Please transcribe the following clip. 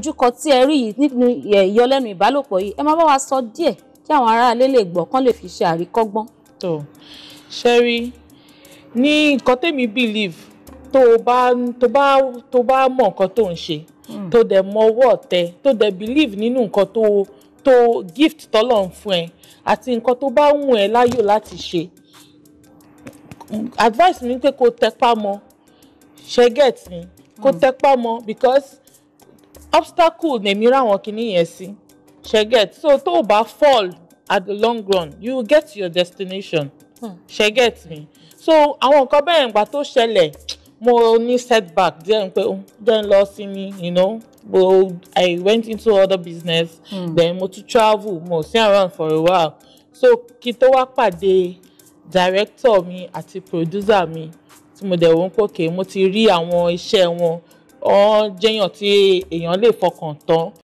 ìdojúkọ tí ẹ rí yìí nínú ìyọlẹ́nu ìbálòpọ̀ yìí ẹ máa bá wa sọ díẹ̀ kí àwọn aráalé lè gbọ́ kán lè fi ṣe àríkọ́gbọ́n. tó ṣe rí ní nǹkan tèmi believe tó bá tó bá tó bá mọ nǹkan tó ń ṣe hmm. tó dẹ̀ mọ ọwọ́ ọ̀tẹ tó dẹ̀ believe nínú nǹkan tó tó gift tọ́lọ̀ ń fún ẹ àti nǹkan tó bá wù ẹ láyò láti ṣe advice mi pé kó tẹpá mọ́ ṣe get mi kó hmm. tẹpá mọ́ because obstacle lèmi ráwọn kinní yẹn sí ṣẹ́gẹ̀t so tó o bá fall at the long run you will get to your destination ṣẹ́gẹ̀t hmm. mi so àwọn nǹkan bẹ́ẹ̀ ìgbà tó ṣẹlẹ̀ mo ní setback díẹ̀ ń pé then oh, lọ sí mi you know but I went into other business mm. then mo to travel mo sí around for a while so kí tó wá pàdé director mi àti producer mi tí mo dẹ̀ wọ́n pòkè mo ti rí àwọn iṣẹ́ wọn ọ jẹ́yàn tí èèyàn lè fọkàn tán